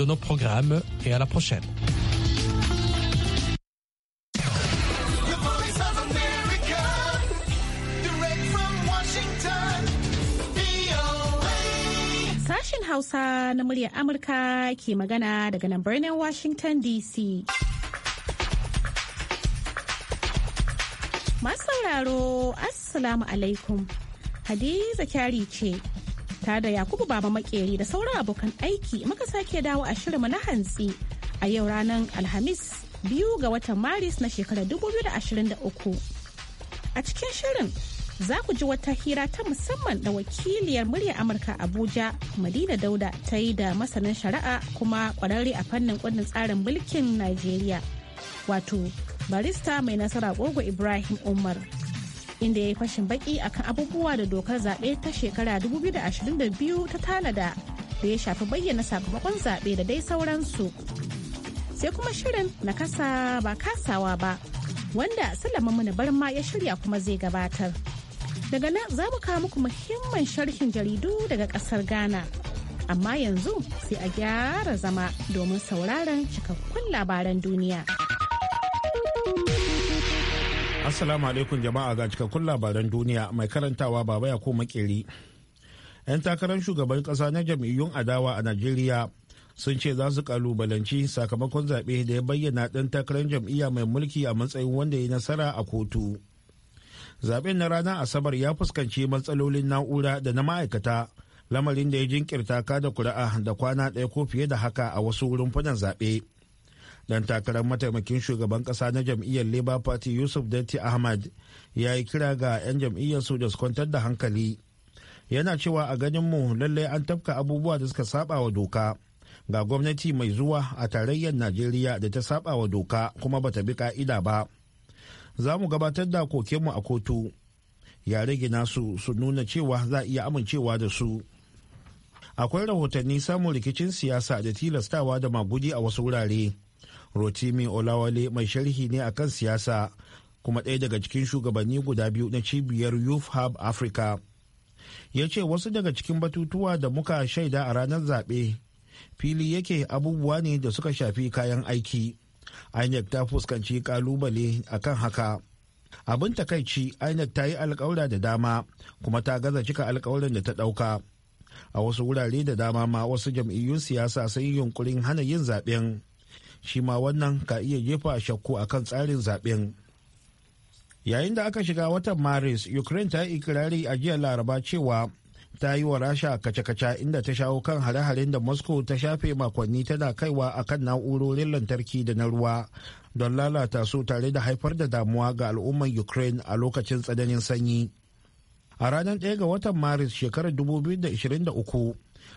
de nos programmes et à la prochaine. Sashen Hausa na muryar Amurka ke magana daga nan Washington DC. Masu sauraro, Assalamu alaikum. Hadiza kyari ce ta da Yakubu Baba Makeri da sauran abokan aiki muka sake dawo a shirinmu na hantsi a yau ranar Alhamis biyu ga watan Maris na shekarar 2023. A cikin shirin za ku ji wata hira ta musamman da wakiliyar murya Amurka Abuja Madina Dauda ta yi da masanin shari'a kuma kwararre a fannin kundin tsarin mulkin Najeriya. Wato barista mai nasara Gogo Ibrahim Umar inda ya yi fashin baki akan abubuwa da dokar zaɓe ta shekara 2022 ta tanada da ya shafi bayyana sakamakon zaɓe da dai sauransu. Sai kuma shirin na kasa ba kasawa ba wanda Sulaiman Muni Barma ya shirya kuma zai gabatar. Daga nan za mu kawo muku muhimman sharhin jaridu daga ƙasar Ghana. Amma yanzu sai a gyara zama domin sauraron cikakkun labaran duniya. Assalamu alaikum jama'a ga cikakkun labaran duniya mai karantawa baba ya ko makeri. 'Yan takarar shugaban ƙasa na jam'iyyun adawa a Najeriya sun ce za su kalubalanci sakamakon zaɓe da ya bayyana ɗan takarar jam'iyya mai mulki a matsayin wanda ya nasara a kotu. Zaɓen na ranar Asabar ya fuskanci matsalolin na'ura da na ma'aikata lamarin da ya jinkirta kada kuri'a da kwana ɗaya ko fiye da haka a wasu wurin funan zaɓe. dan takarar mataimakin shugaban kasa na jam'iyyar labour party yusuf dati ahmad ya yi kira ga 'yan jam'iyyar su da su kwantar da hankali yana cewa a ganin mu lallai an tafka abubuwa da suka saba wa doka ga gwamnati mai zuwa a tarayyar najeriya da ta saba wa doka kuma bata bi ka'ida ba za mu gabatar da kokenmu a kotu ya rage nasu su nuna cewa za a iya amincewa da su akwai rahotanni samun rikicin siyasa da tilastawa da magudi a wasu wurare rotimi olawale mai sharhi ne akan siyasa kuma ɗaya daga cikin shugabanni guda biyu na cibiyar youth hub africa ya ce wasu daga cikin batutuwa da muka shaida a ranar zaɓe fili yake abubuwa ne da suka shafi kayan aiki inec ta fuskanci kalubale akan haka abin takaici inec ta yi alkawura da dama kuma ta gaza cika alkawuran da ta ɗauka a wasu wurare da dama ma wasu jam'iyyun siyasa sun yi yunkurin hana yin zaɓen shi ma wannan ka iya jefa shakku a kan tsarin zaben yayin da aka shiga watan maris ukraine ta yi ikirari a jiya laraba cewa ta yi wa rasha kace-kace inda ta shawo kan hare-haren da moscow ta shafe makonni tana kaiwa a kan na'urorin lantarki da na ruwa don lalata su tare da haifar da damuwa ga al'ummar ukraine a lokacin tsananin sanyi a ranar ɗaya ga watan maris shekarar 2023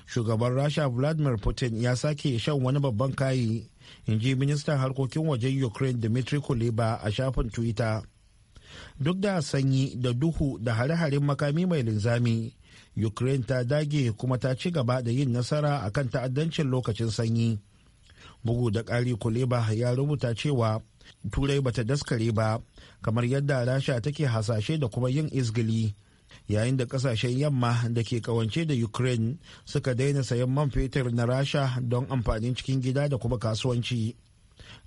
shugaban rasha vladimir putin ya sake shan wani babban kayi in ji ministan harkokin wajen ukraine dmitry kuleba a shafin twitter duk da sanyi da duhu da hare-haren makami mai linzami ukraine ta dage kuma ta ci gaba da yin nasara a kan ta'addancin lokacin sanyi bugu da ƙari kuleba ya rubuta cewa turai bata daskare ba kamar yadda rasha take hasashe da kuma yin izgili yayin da kasashen yamma da ke kawance da ukraine suka daina sayan man fetur na rasha don amfanin cikin gida da kuma kasuwanci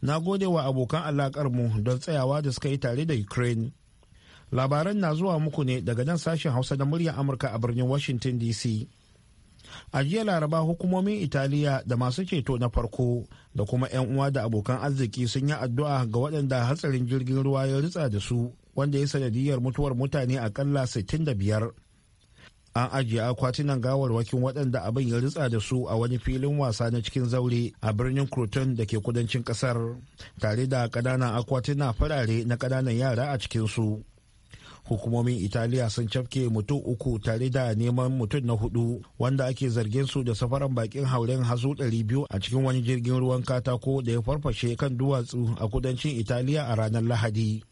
na gode wa abokan alakarmu don tsayawa da suka yi tare da ukraine labaran na zuwa muku ne daga nan sashen hausa na muryar amurka a birnin washington dc a jiya laraba hukumomin italiya da masu ceto na farko da kuma 'yan uwa da abokan arziki sun yi addu'a ga waɗanda hatsarin jirgin ruwa ya ritsa da su wanda ya sanadiyar mutuwar mutane akalla 65 an ajiye akwatunan gawarwakin waɗanda abin ya ritsa da su a wani filin wasa na cikin zaure a birnin croton da ke kudancin ƙasar tare da ƙananan akwatuna farare na ƙananan yara a cikinsu hukumomin italiya sun cafke mutum uku tare da neman mutum na hudu wanda ake zargin su da safaran bakin hauren hasu 200 a cikin wani jirgin ruwan katako da ya farfashe kan duwatsu a kudancin italiya a ranar lahadi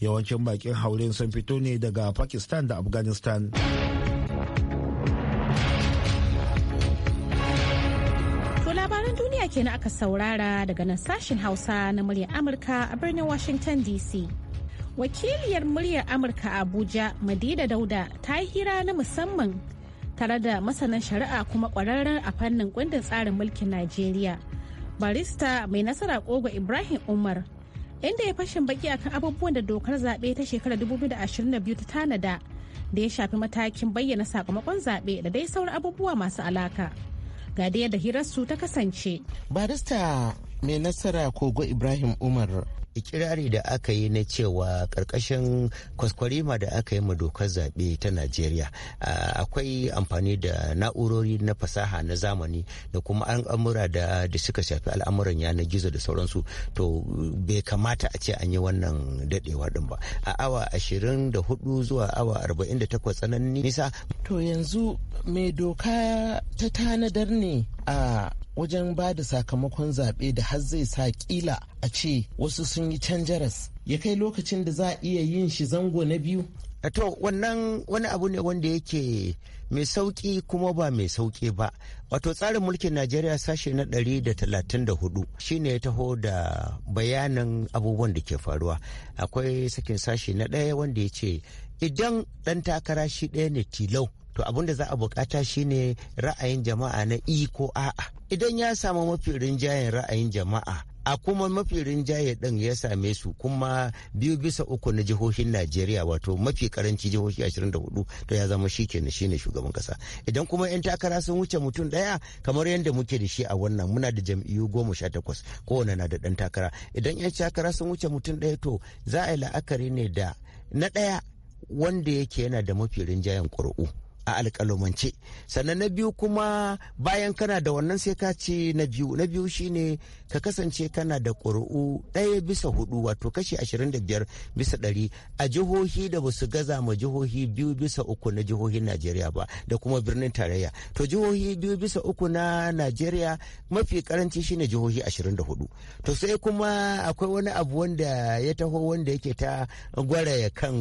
yawancin bakin haurin sun fito ne daga pakistan da afghanistan labaran duniya kenan aka saurara daga nan sashen hausa na muryar amurka a birnin washington dc wakiliyar muryar amurka a abuja madida dauda ta yi hira na musamman tare da masanan shari'a kuma kwararren a fannin kundin tsarin mulkin najeriya barista mai nasara kogo ibrahim umar inda ya fashin baki akan abubuwan da dokar zaɓe ta shekarar 2022 ta tanada da ya shafi matakin bayyana sakamakon zaɓe da dai sauran abubuwa masu alaka. Ga da yadda hirarsu ta kasance. Barista mai nasara kogo Ibrahim Umar ikirari da aka yi na cewa karkashin kwaskwarima da aka yi ma dokar zaɓe ta najeriya akwai amfani da na'urori na fasaha na zamani da kuma al'amura da suka shafi al'amuran yanar gizo da sauransu to bai kamata a ce an yi wannan daɗewa ɗin ba a awa ashirin da hudu zuwa awa arba'in da takwas tsananin nisa to yanzu mai doka ta tanadar ne a wajen ba da sakamakon zaɓe da har zai sa kila a ce wasu sun yi canjaras ya kai lokacin da za a iya yin shi zango na biyu eh, to wannan wani abu ne wanda yake mai sauki kuma ba mai sauki ba wato tsarin mulkin najeriya sashe na da da talatin hudu shine ya taho da bayanan abubuwan da ke faruwa akwai sakin sashe na ɗaya wanda ya ce idan ɗan takara shi ɗaya ne tilau to abin da za a bukata shine ra'ayin jama'a na i ko a'a idan ya samu mafi rinjayen ra'ayin jama'a a kuma mafi rinjaye din ya same su kuma biyu bisa uku na jihohin najeriya wato mafi karanci jihohi 24 to ya zama shi kenan shine shugaban kasa idan kuma yan takara sun wuce mutum daya kamar yadda muke da shi a wannan muna da jam'iyyu goma sha takwas kowane na da dan takara idan yan takara sun wuce mutum daya to za a yi la'akari ne da na daya wanda yake yana da mafi rinjayen ƙuri'u a alƙalumance sannan na biyu kuma bayan kana da wannan sai ka ce na biyu na biyu shine ka kasance kana da ƙuri'u ɗaya bisa hudu wato kashi ashirin da biyar bisa ɗari a jihohi da ba su gaza ma jihohi biyu bisa uku na jihohin najeriya ba da kuma birnin tarayya to jihohi biyu bisa uku na najeriya mafi karanci shine jihohi ashirin da hudu to sai kuma akwai wani abu wanda ya taho wanda yake ta gwara kan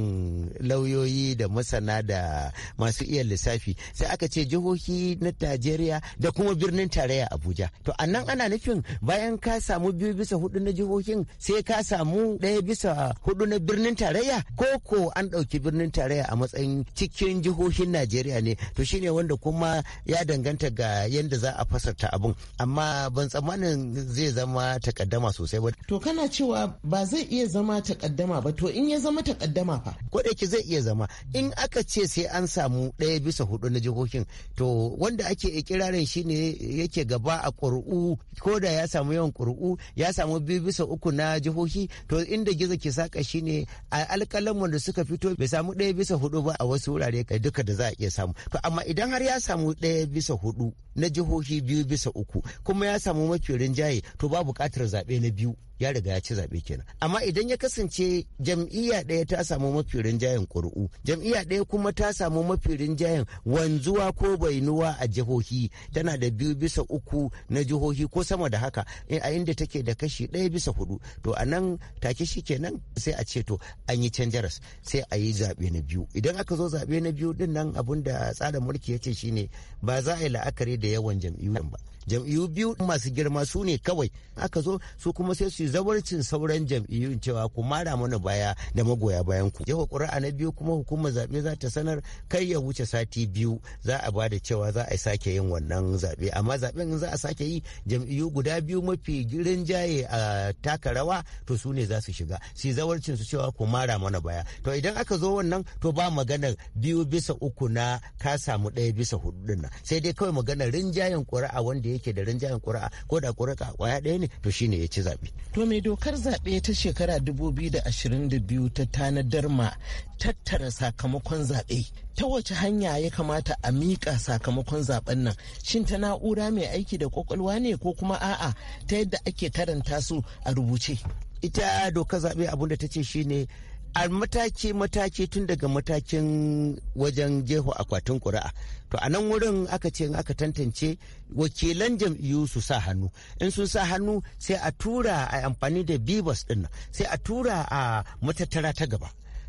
lauyoyi da masana da masu iya lissafi sai aka ce jihohi na Najeriya da kuma birnin tarayya Abuja to anan ana nufin bayan ka samu biyu bisa hudu na jihohin sai ka samu ɗaya bisa hudu na birnin tarayya ko ko an ɗauki birnin tarayya a matsayin cikin jihohin Najeriya ne to shine wanda kuma ya danganta ga yadda za a fasarta abun amma ban tsammanin zai zama takaddama sosai ba to kana cewa ba zai iya zama takaddama ba to in ya zama takaddama fa ko da zai iya zama in aka ce sai an samu ɗaya bisa hudu na jihohin to wanda ake ikirarin shine yake gaba a ƙuri'u ko da ya samu yawan ƙuri'u ya samu biyu bisa uku na jihohi to inda gizo ke saka shine a alƙalan wanda suka fito bai samu ɗaya bisa hudu ba a wasu wurare duka da za a iya samu to amma idan har ya samu ɗaya bisa hudu na jihohi biyu bisa uku kuma ya samu mafi rinjaye to ba buƙatar zaɓe na biyu ya riga ya ci zaɓe kenan amma idan ya kasance jam'iyya ɗaya ta samu mafi rinjayen ƙuri'u jam'iyya ɗaya kuma ta samu mafi rinjayen wanzuwa ko bainuwa a jihohi tana da biyu bisa uku na jihohi ko sama da haka a inda take da kashi ɗaya bisa hudu to a nan take shi kenan sai a ce to an yi can jaras sai a yi zaɓe na biyu idan aka zo zaɓe na biyu din nan abun da tsarin mulki ya ce shine ba za a yi la'akari da yawan jam'iyyu ba jam'iyyu biyu masu girma su ne kawai aka zo su kuma sai su zawarcin sauran jam'iyyun cewa ku mara mana baya da magoya bayan ku jefa ƙuri'a na biyu kuma hukumar zaɓe za ta sanar kai ya wuce sati biyu za a bada cewa za a sake yin wannan zaɓe amma zaɓen za a sake yi jam'iyyu guda biyu mafi rinjaye a taka rawa to su ne za su shiga su zawarcin su cewa ku mara mana baya to idan aka zo wannan to ba magana biyu bisa uku na ka samu ɗaya bisa hudu din nan sai dai kawai magana rinjayen ƙuri'a wanda yake da rinjayen ƙuri'a ko da ƙuri'a kwaya ɗaya ne to shine ya ci zaɓe To mai dokar zaɓe ta shekara 2022 ta tanadar ma tattara sakamakon zaɓe. Ta wace hanya ya kamata a miƙa sakamakon zaɓen nan? Shin ta na'ura mai aiki da kwakwalwa ne ko kuma a'a ta yadda ake karanta su a rubuce? Ita dokar zaɓe abun da ta ce shine a mataki-mataki tun daga matakin wajen jeho akwatin ƙuri'a to a nan wurin aka ce aka tantance wakilan jam'iyyu su sa hannu in sun sa hannu sai a tura a amfani da bibas ɗin sai a tura a matattara ta gaba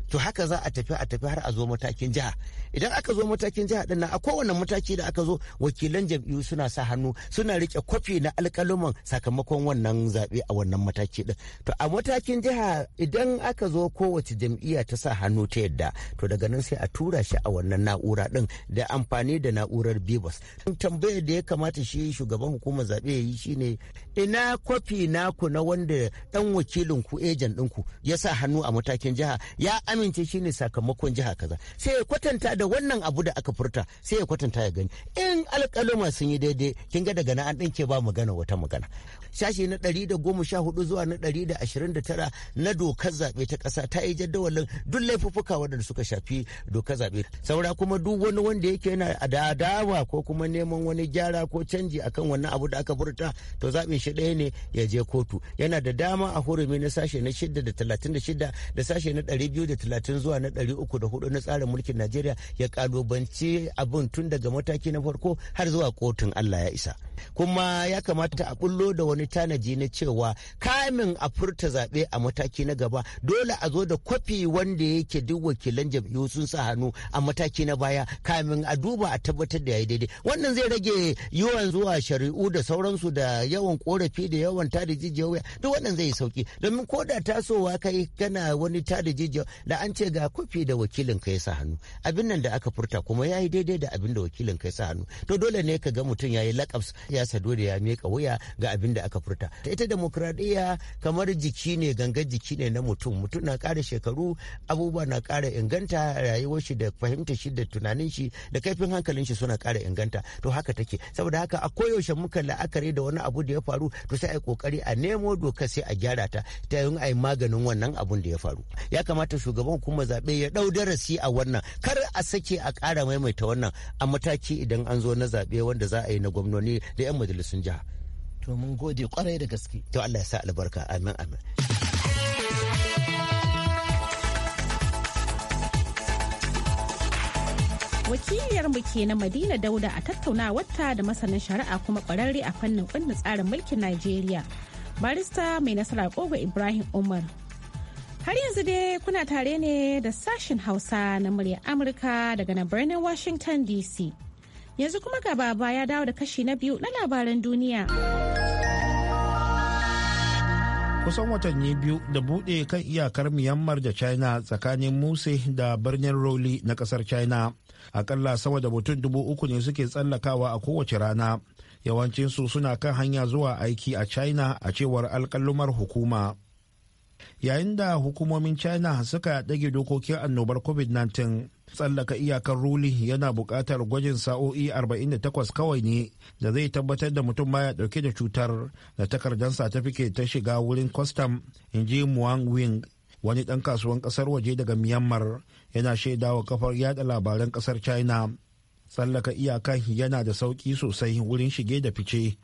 to haka za a tafi a tafi har a zo matakin jiha idan aka zo matakin jiha din nan a kowane mataki da aka zo wakilan jam'iyyu suna sa hannu suna rike kwafi na alƙaluman sakamakon wannan zaɓe a wannan mataki din to a matakin jiha idan aka zo kowace jam'iyya ta sa hannu ta yadda to daga nan sai a tura shi a wannan na'ura din da amfani da na'urar bibas tambayar da ya kamata shi shugaban hukumar zaɓe ya yi shine ina kwafi naku na wanda dan wakilin ku ejan ɗinku ya sa hannu a matakin jiha ya amince shi ne sakamakon jiha kaza sai ya kwatanta da wannan abu da aka furta sai ya kwatanta ya gani in alƙaluma sun yi daidai kin ga daga na an ɗinke ba magana wata magana shashi na ɗari da goma sha hudu zuwa na ɗari da ashirin da tara na dokar zaɓe ta ƙasa ta yi jadawalin duk laifuffuka waɗanda suka shafi dokar zaɓe saura kuma duk wani wanda yake yana da adawa ko kuma neman wani gyara ko canji akan wannan abu da aka furta to zaɓin shi ɗaya ne ya je kotu yana da dama a hurumi na sashe na shida da talatin da shida da sashe na ɗari biyu da talatin zuwa na ɗari uku da hudu na tsarin mulkin najeriya ya kalubanci abin tun daga mataki na farko har zuwa kotun allah ya isa kuma ya kamata a bullo da wani tanaji na cewa kamin a furta zaɓe a mataki na gaba dole a zo da kwafi wanda yake duk wakilan jam'iyyu sun sa hannu a mataki na baya kamin a duba a tabbatar da ya daidai wannan zai rage yawan zuwa shari'u da sauransu da yawan korafi da yawan tada jijiyoyi duk wannan zai sauki domin ko da tasowa kai kana wani tada jijiyoyi da an ce ga kwafi da wakilin ka ya sa hannu abin nan da aka furta kuma ya yi daidai da abin da wakilin ka ya sa hannu to dole ne ka ga mutum ya yi lakabs ya sado da ya miƙa wuya ga abin da aka furta ta ita demokradiyya kamar jiki ne gangan jiki ne na mutum mutum na ƙara shekaru abubuwa na ƙara inganta rayuwar shi da fahimta shi da tunanin shi da kaifin hankalin shi suna ƙara inganta to haka take saboda haka a koyaushe muka la'akari da wani abu da ya faru to sai a yi kokari a nemo doka sai a gyara ta ta yi yi maganin wannan abun da ya faru ya kamata shugaban shugaban hukumar zaɓe ya ɗau darasi a wannan kar a sake a ƙara maimaita wannan a mataki idan an zo na zaɓe wanda za a yi na gwamnoni da 'yan majalisun jiha. To mun gode kwarai da gaske. To Allah ya sa albarka amin amin. ke na madina dauda a tattaunawarta da masanin shari'a kuma kwararre a fannin kundin tsarin mulkin najeriya barista mai nasara kogo ibrahim umar Har yanzu dai kuna tare ne da sashen Hausa na murya Amurka daga na birnin Washington DC. Yanzu kuma gaba ya dawo da kashi na biyu na labaran duniya. Kusan watanni biyu da buɗe kan iyakar Myanmar da China tsakanin Muse da birnin Roli na ƙasar China. Akalla sama da mutum dubu uku ne suke tsallakawa a kowace rana. Yawancinsu suna kan hanya zuwa aiki a China a cewar alƙalumar hukuma. yayin da hukumomin china suka ɗage dokokin annobar covid-19 tsallaka iyakar ruli yana buƙatar gwajin sa'o'i 48 kawai ne da zai tabbatar da mutum baya ɗauke da cutar da takardar certificate ta shiga wurin kwastam in ji muang wing wani ɗan kasuwan ƙasar waje daga myanmar yana shaidawa kafar yada labaran ƙasar china tsallaka iyakan yana da sauƙi sosai wurin shige da fice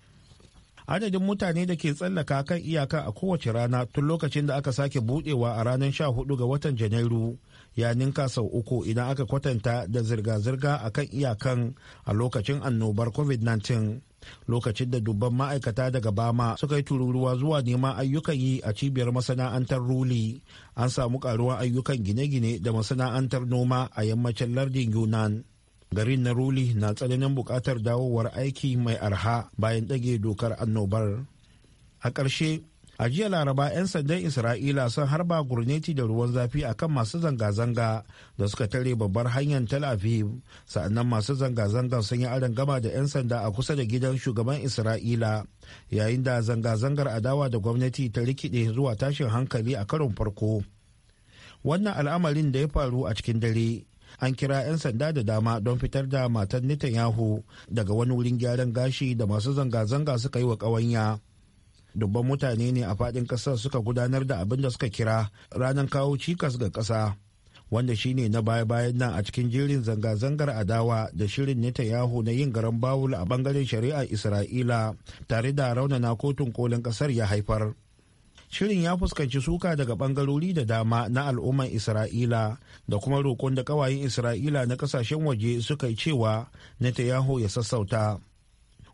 adadin mutane da ke tsallaka kan iyaka a kowace rana tun lokacin da aka sake budewa a ranar 14 ga watan janairu ya ninka sau uku idan aka kwatanta da zirga-zirga a kan iyakan a lokacin annobar covid-19 lokacin da dubban ma'aikata daga bama suka yi tururuwa zuwa neman ayyukan yi a cibiyar masana'antar ruli an samu ƙaruwar ayyukan gine-gine da masana'antar noma a yammacin lardin yunan garin na ruli na tsananin buƙatar dawowar aiki mai arha bayan ɗage dokar annobar a ƙarshe a jiya laraba 'yan sandan isra'ila sun harba gurneti da ruwan zafi akan masu zanga-zanga da suka tare babbar hanyar tel aviv sa'annan masu zanga-zanga sun yi aron gama da 'yan sanda a kusa da gidan shugaban isra'ila yayin da zanga-zangar adawa da gwamnati ta rikide zuwa tashin hankali a karon farko wannan al'amarin da ya faru a cikin dare an kira 'yan sanda da dama don fitar da matan Netanyahu daga wani wurin gyaran gashi da masu zanga-zanga suka yi wa ƙawanya. Dubban mutane ne a faɗin ƙasar suka gudanar da abin da suka kira ranar kawo cikas ga ƙasa. Wanda shi ne na baya-bayan nan a cikin jerin zanga-zangar adawa da shirin Netanyahu na yin garan bawul a bangaren shari'ar Isra'ila tare da raunana kotun kolin ƙasar ya haifar. shirin ya fuskanci suka daga bangarori da dama na al'umman isra'ila da kuma roƙon da ƙawayen isra'ila na ƙasashen waje suka yi cewa netanyahu ya sassauta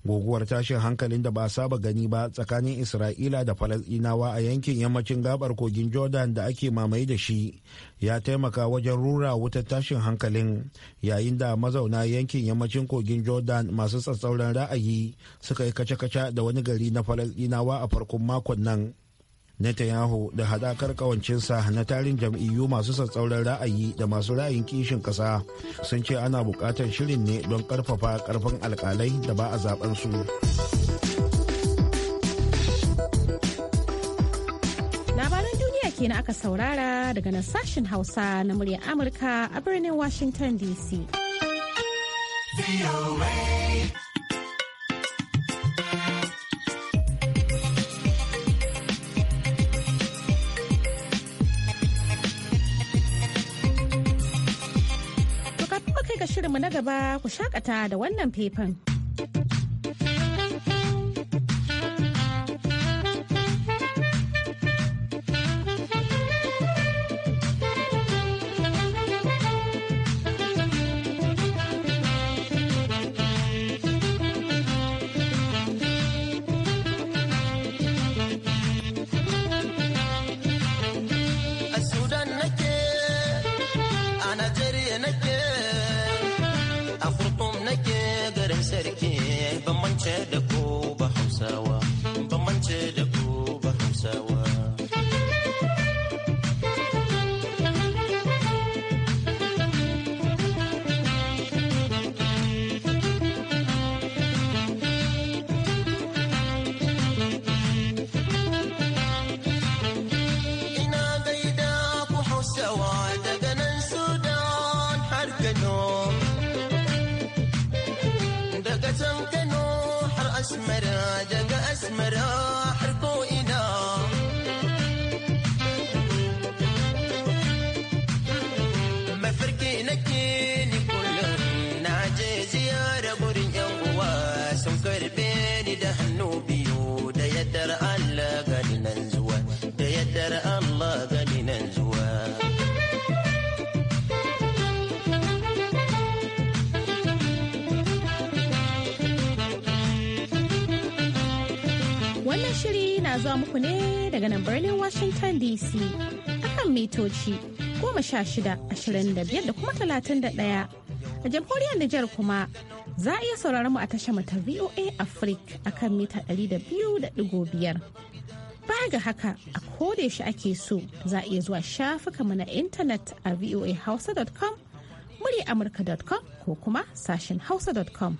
guguwar tashin hankalin da ba a saba gani ba tsakanin isra'ila da falasɗinawa a yankin yammacin gabar kogin jordan da ake mamaye da shi ya taimaka wajen rura wutar tashin hankalin yayin da mazauna yankin yammacin kogin jordan masu tsatsauran ra'ayi suka yi kaca-kaca da wani gari na falasɗinawa a farkon makon nan Netanyahu da hadakar kawancinsa na tarin jam'iyyu masu sassauran ra'ayi da masu ra'ayin kishin ƙasa sun ce ana buƙatar shirin ne don ƙarfafa ƙarfin alƙalai da ba a zaben su. Labaran duniya kenan aka saurara daga nan sashen Hausa na muryar Amurka a birnin Washington DC. shirinmu na gaba ku shakata da wannan faifan. Yeah. na zuwa muku ne daga nan birnin Washington DC akan mitoci goma sha shida ashirin da biyar da kuma talatin da ɗaya. A jamhuriyar Nijar kuma za a iya sauraron mu a tashar mata VOA Africa akan mita ɗari da biyu da ɗigo biyar. Baya ga haka a koda yaushe ake so za a iya zuwa mu na intanet a voahausa.com, murya amurka.com ko kuma sashen hausa.com.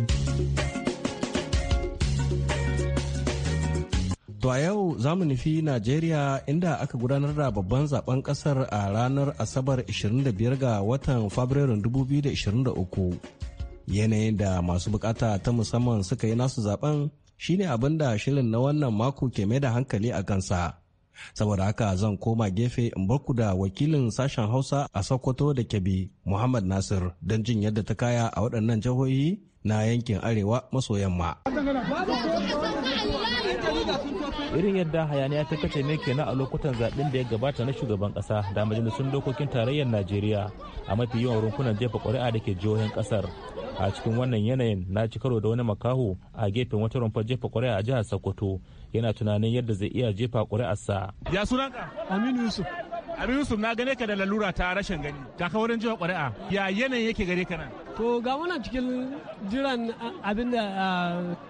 To a yau za mu nufi Najeriya inda aka gudanar da babban zaben kasar a ranar Asabar 25 ga watan Fabrairun 2023. Yanayin da masu bukata ta musamman suka yi nasu zaben shine abin da shirin na wannan mako ke mai da hankali a kansa. Saboda haka zan koma gefe in barku da wakilin sashen Hausa a Sokoto da Kebbi Muhammad Nasir don jin yadda ta kaya a waɗannan jihohi na yankin Arewa maso yamma. irin yadda hayaniya ta kace ne kenan a lokutan zaɓen da ya gabata na shugaban ƙasa da majalisun dokokin tarayyar najeriya a mafi yawan rumfunan jefa ƙuri'a da ke jihohin ƙasar a cikin wannan yanayin na ci karo da wani makaho a gefen wata rumfar jefa ƙuri'a a jihar sokoto yana tunanin yadda zai iya jefa ƙuri'arsa. ya sunanka aminu yusuf abin yusuf na gane ka da lalura ta rashin gani ka wurin jiwa ƙuri'a ya yanayin yake gare ka nan to ga muna cikin jiran da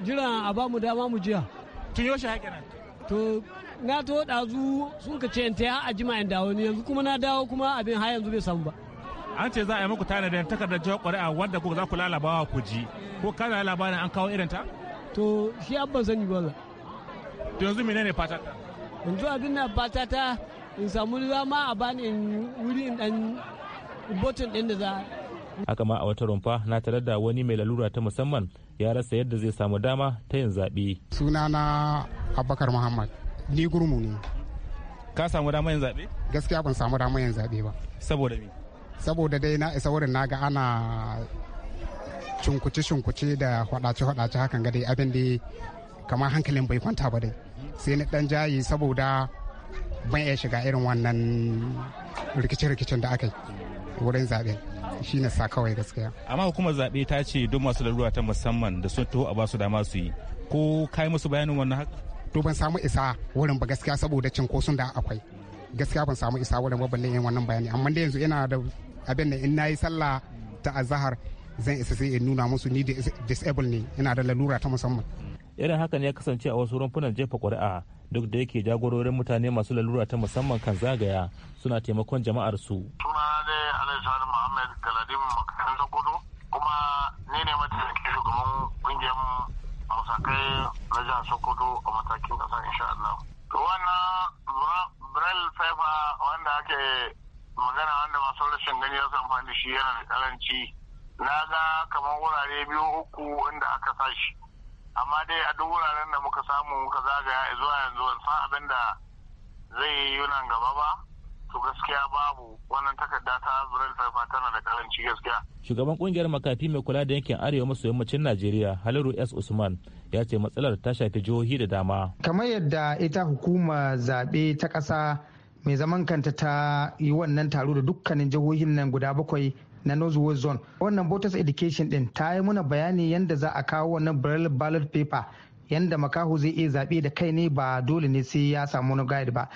jiran a bamu dama mu jiya tun yaushe haka nan to na to zu sun ka ce ta a jima in dawo ne yanzu kuma na dawo kuma abin har yanzu bai samu ba an ce za a yi muku tanadin takardar jawar ƙuri'a wadda ku za ku lalabawa ku ji ko kana labarin an kawo irin ta to shi abban sani ba to yanzu ne fata ta yanzu abin na fata ta in samu dama a bani in wuri in dan botin din da za haka ma a wata rumfa na tarar da wani mai lalura ta musamman ya rasa yadda zai samu dama ta yin zaɓe. suna na abubakar muhammad ni gurmu ne ka samu dama yin zaɓe gaskiya ban samu dama yin zaɓe ba saboda mi saboda dai na isa wurin naga ana cunkuce-cunkuce da hwadace-hwadace hakan gadi abin da kamar hankalin bai kwanta ba dai sai ni dan jayi saboda ban iya shiga irin wannan rikice-rikicen da aka yi wurin zaɓe. shi na sa kawai gaskiya amma hukumar zaɓe ta ce don masu larura ta musamman da sun taho a basu dama su yi ko kai musu bayanin wannan haka to ban samu isa wurin ba gaskiya saboda cinkoson da akwai gaskiya ban samu isa wurin ba balle yin wannan bayani amma da yanzu ina da abin da in nayi sallah ta azahar zan isa sai in nuna musu ni disable ne ina da lalura ta musamman irin haka ne ya kasance a wasu rumfunan jefa ƙuri'a duk da yake jagororin mutane masu lalura ta musamman kan zagaya suna taimakon jama'ar su. Suna ne Alhaji Muhammad Galadima makarantar sokoto kuma ni ne mataimakin shugaban kungiyar musakai na jihar Sokoto a matakin kasa insha Allah. wannan Braille paper wanda ake magana wanda masu rashin gani ya amfani da shi yana da karanci. Na ga kamar wurare biyu uku inda aka sa shi. amma dai a duk wuraren da muka samu muka zagaya zuwa yanzu ban san abin da zai yi yunan gaba ba to gaskiya babu wannan takarda ta Brent Fifa tana da karanci gaskiya. Shugaban kungiyar makafi mai kula da yankin Arewa maso yammacin Najeriya Haliru S Usman ya ce matsalar ta shafi jihohi da dama. Kamar yadda ita hukuma zaɓe ta ƙasa mai zaman kanta ta yi wannan taro da dukkanin jihohin nan guda bakwai na Northwest Zone. Wannan Voters Education din ta yi muna bayani yadda za a kawo wannan Braille ballot paper yadda makaho zai iya zaɓe da kai ne ba dole ne sai ya samu wani guide ba.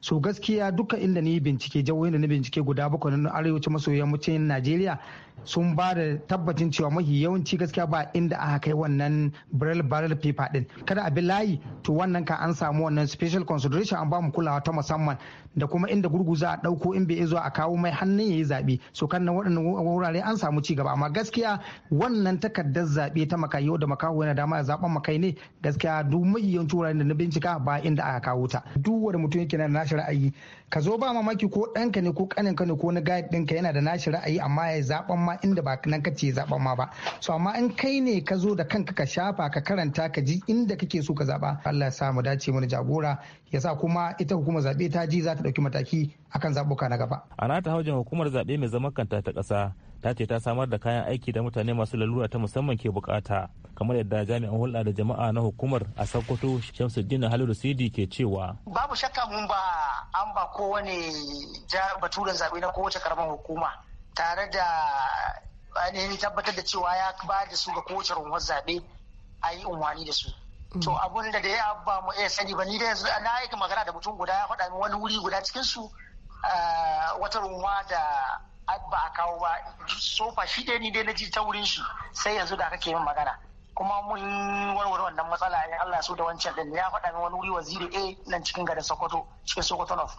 So gaskiya duka inda ni bincike jawoyin da na bincike guda bakwai na arewacin maso yammacin Najeriya sun ba da tabbacin cewa mafi yawanci gaskiya ba inda aka kai wannan barrel barrel paper din kada abin layi to wannan ka an samu wannan special consideration an ba mu kulawa ta musamman da kuma inda gurgu za a dauko in bai zo a kawo mai hannun yayi zabe so kan nan waɗannan wurare an samu ci gaba amma gaskiya wannan takardar zabe ta makayi da makawo yana dama ma zaben makai ne gaskiya duk mafi yawanci wuraren da na bincika ba inda aka kawo ta duk wanda mutum yake na nashi ra'ayi ka zo ba mamaki ko ɗanka ne ko ƙaninka ne ko na guide ɗinka yana da nashi ra'ayi amma ya zaben ma inda ba nan kace zaba ma ba so amma in kai ne ka zo da kanka ka shafa ka karanta ka ji inda kake so ka zaba. Allah ya sa mu dace mu jagora ya sa kuma ita hukumar zaɓe ta ji za ta ɗauki mataki akan zaɓuka na gaba. A nata haujin hukumar zaɓe mai zaman kanta ta ƙasa ta ce ta samar da kayan aiki da mutane masu lalura ta musamman ke bukata kamar yadda jami'an hulɗa da jama'a na hukumar a sakkwato shamsuddin halilu sidi ke cewa babu shakka mun ba an ba kowane baturen zaɓe na kowace karamar hukuma tare da ainihin tabbatar da cewa ya ba da su ga kowace runwar zaɓe a yi unwani da su. To mm. abun da da ya ba mu iya sani ba ni da yanzu na yi magana da mutum guda ya faɗa min wani wuri guda cikin su eh, wata runwa da ba a kawo ba sofa shi dai ni dai na ji ta wurin shi sai yanzu da kake min magana. kuma mun warware wannan matsala ya Allah so da wancan din ya faɗa min wani wuri waziri A nan cikin garin Sokoto cikin Sokoto North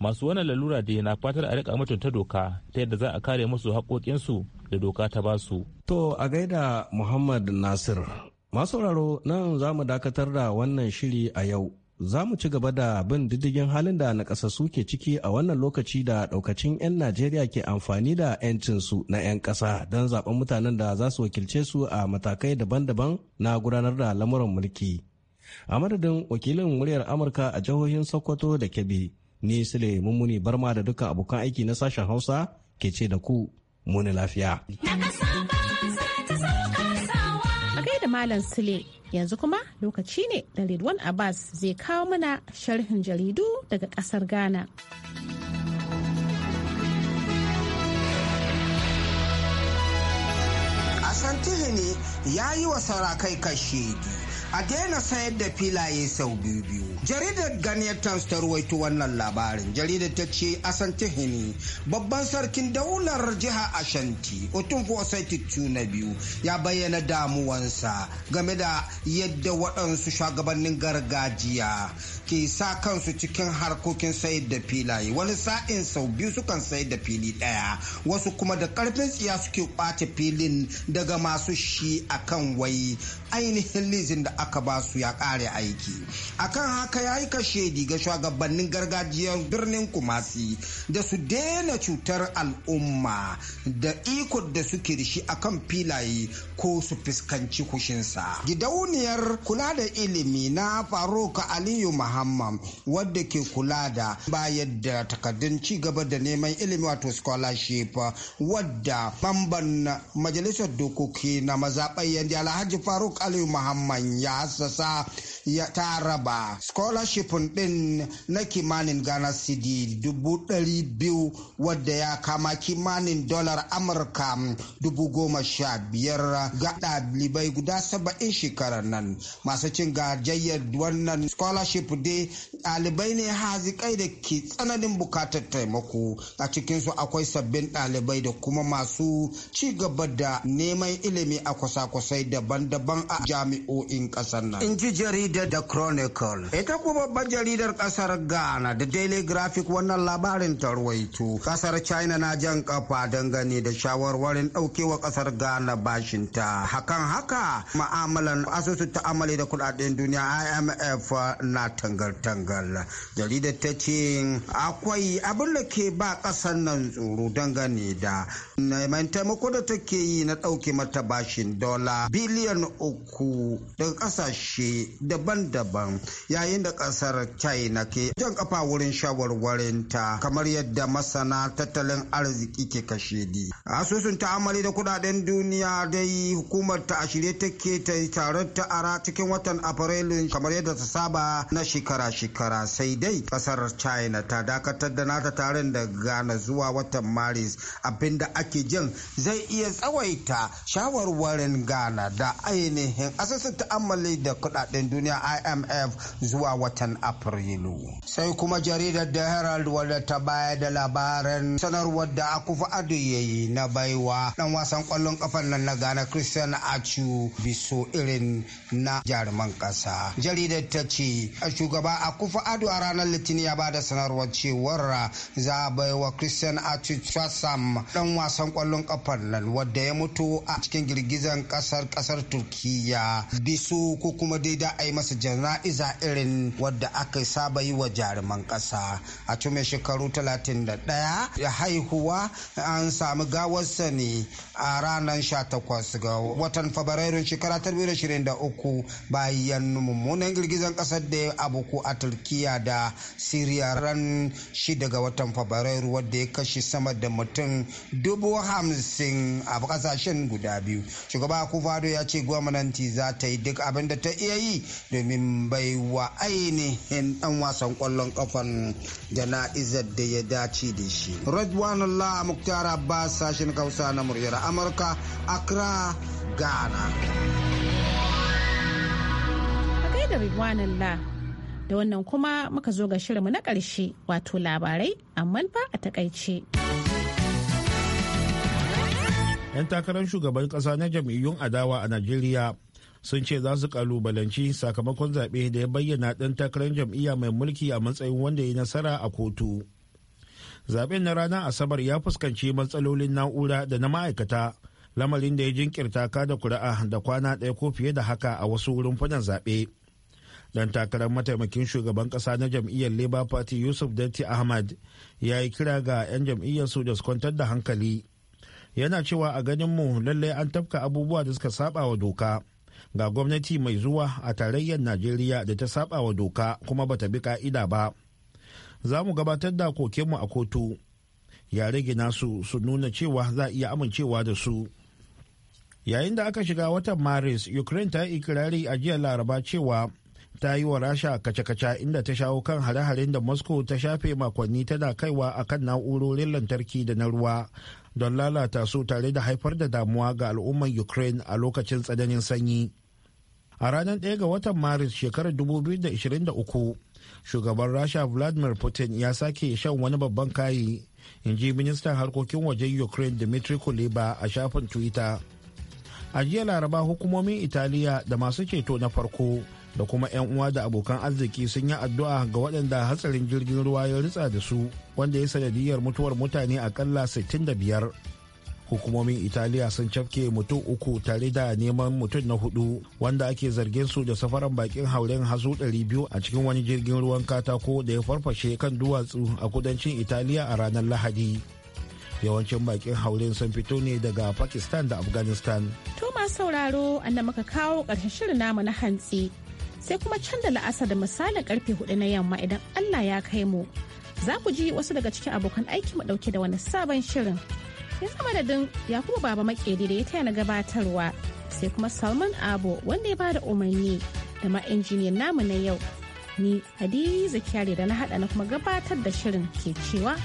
masu wannan lalura da na fatar a rika mutunta doka ta yadda za a kare musu haƙoƙinsu da doka ta basu. To a gaida Muhammad Nasir. masu sauraro nan za mu dakatar da wannan shiri a yau. Za mu ci gaba da bin diddigin halin da nakasassu ke ciki a wannan lokaci da ɗaukacin 'yan Najeriya ke amfani da 'yancinsu na 'yan ƙasa don zaɓen mutanen da za su wakilce su a matakai daban-daban na gudanar da lamuran mulki. A madadin wakilin muryar Amurka a jihohin Sokoto da Kebbi. ni sule mummuni barma da duka abokan aiki na sashen hausa ke ce da ku muni lafiya a da malam sule yanzu kuma lokaci ne da Ridwan Abbas zai kawo mana sharhin jaridu daga kasar Ghana. Asantihini ya yi wa sarakai kashedi a daina sayar da filaye sau biyu biyu. jaridar ghanaian times ta ruwaito wannan labarin jaridar ta ce asantehini babban sarkin daular jiha ashanti otunfu osaititu na biyu ya bayyana damuwansa game da yadda waɗansu shugabannin gargajiya ke sa kansu cikin harkokin sayar da filaye wani sa'in sau biyu sukan sayar da fili ɗaya wasu kuma da karfin tsiya suke kwace filin daga masu shi akan wai ainihin lizin da aka ba su ya ƙare aiki akan haka ya yi kashe ga shugabannin gargajiyar birnin kumasi da su daina cutar al'umma da ikon da suke da shi akan filaye ko su fuskanci kushinsa gidauniyar kula da ilimi na faruka aliyu Muhammad wadda ke kula da bayar da takardun ci gaba da neman ilimi wato scholarship wadda mamban majalisar dokoki na mazaɓayyar da Alhaji Faruk Aliyu Muhammad ya hassasa ya ta raba scholarship din na kimanin Ghana cd dubu dari biyu wadda ya kama kimanin dolar Amurka dubu goma sha biyar ga ɗalibai guda saba'in shekarar nan masu cin gajayyar wannan scholarship dai ɗalibai ne hazikai da ke tsananin bukatar taimako a cikinsu akwai sabbin ɗalibai da kuma masu ci gaba da neman ilimi a kwasa-kwasai daban-daban a jami'o'in ƙasar nan. In jarida da Chronicle. Ita kuma babbar jaridar kasar Ghana da Daily Graphic wannan labarin ta ruwaito. Kasar China na jan kafa dangane da shawarwarin daukewa kasar Ghana bashinta. Hakan haka ma'amalan asusu ta'amali da kudaden duniya IMF na tangal-tangal. Jaridar ta ce akwai abin da ke ba kasar nan tsoro dangane da neman taimako da take yi na dauke mata bashin dola biliyan uku daga kasashe da daban-daban yayin da kasar china ke jan kafa wurin shawarwarinta kamar yadda masana tattalin arziki ke kashe di asusun ta'amali da kudaden duniya dai hukumar ta ashirye ta take ta taron ara cikin watan afrilu kamar yadda ta saba na shekara-shekara sai dai kasar china ta dakatar da nata taron da Gana zuwa watan maris abin da ake jin zai iya tsawaita shawarwarin ghana da ainihin asusun ta'amali da kudaden duniya ya imf zuwa watan afrilu sai kuma jaridar da herald wadda ta baya da labarin sanarwar da akufa ado ya na baiwa dan wasan kwallon kafan nan na ghana christian achu biso irin na jaruman kasa jaridar ta ce shugaba akufa ado a ranar litinin ya ba da sanarwar cewar za a baiwa christian achu chasam dan wasan kwallon kafan nan wadda ya mutu a cikin girgizan ƙasar-ƙasar turkiya biso ko kuma daidai a yi masa jana'iza irin wadda aka saba yi wa jaruman ƙasa a cikin shekaru 31 da haihuwa an samu gawarsa ne a ranar 18 ga watan fabrairun shekara 2023 bayan mummunan girgizan kasar da ya abuku a turkiya da siriya ran 6 ga watan fabrairu wadda ya kashe sama da mutum dubu hamsin a kasashen guda biyu shugaba kufado ya ce gwamnati za ta yi duk abin da ta iya yi domin bai wa ainihin dan wasan kwallon kafan jana'izar da ya dace da shi radwanullah muktar abbas sashen kausa na muryar amurka accra ghana da Ridwanullah da wannan kuma muka zo ga shirinmu na ƙarshe wato labarai amma ba a takaice. 'yan takarar shugaban ƙasa na jam'iyyun adawa a najeriya sun ce za su kalubalanci sakamakon zaɓe da ya bayyana ɗan takarar jam'iyya mai mulki a matsayin wanda ya nasara a kotu zaben na ranar asabar ya fuskanci matsalolin na'ura da na ma'aikata lamarin da ya jinkirta ka da kuri'a da kwana ɗaya ko fiye da haka a wasu wurin fadan zaɓe. dan takarar mataimakin shugaban ƙasa na jam'iyyar labour party yusuf datti ahmad ya yi kira ga 'yan jam'iyyar su da su kwantar da hankali yana cewa a ganin mu lallai an tafka abubuwa da suka saba wa doka ga gwamnati mai zuwa a tarayyar najeriya da ta saba wa doka kuma bata bi ka'ida ba za mu gabatar da kokenmu a kotu ya rage nasu su nuna cewa za iya amincewa da su yayin da aka shiga watan maris ukraine ta yi ikirari a jiya laraba cewa ta yi wa rasha kace-kace inda ta shawo kan hare-haren da moscow ta shafe makonni tana kaiwa akan na'urorin lantarki da na ruwa don lalata su tare da haifar da damuwa ga al'ummar ukraine a lokacin tsananin sanyi a ranar 1 ga watan maris shekarar 2023 shugaban rasha vladimir putin ya sake shan wani babban kayi in ji ministan harkokin wajen ukraine dmitry kuleba a shafin twitter a jiya laraba hukumomin italiya da masu ceto na farko da kuma 'yan uwa da abokan arziki sun yi addu'a ga waɗanda hatsarin jirgin ruwa ya ritsa da su wanda ya sanadiyar mutuwar mutane akalla 65 hukumomin italiya sun cafke mutum uku tare da neman mutum na hudu wanda ake zargin su da safaran bakin hauren hasu 200 a cikin wani jirgin ruwan katako da ya farfashe kan duwatsu a kudancin italiya a ranar lahadi yawancin bakin hauren sun fito ne daga pakistan da afghanistan to masu sauraro anda muka kawo karshen shirin namu na hantsi sai kuma can da la'asa da misalin karfe hudu na yamma idan allah ya kai mu za ku ji wasu daga cikin abokan aiki mu dauke da wani sabon shirin ya madadin da din baba makeri da ya taya na gabatarwa sai kuma salman abo wanda ya bada umarni da ma injiniyan namu na yau ni hadiza kyari da na hada na kuma gabatar da shirin ke cewa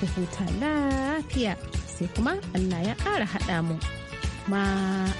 ku huta lafiya sai kuma allah ya kara hada mu ma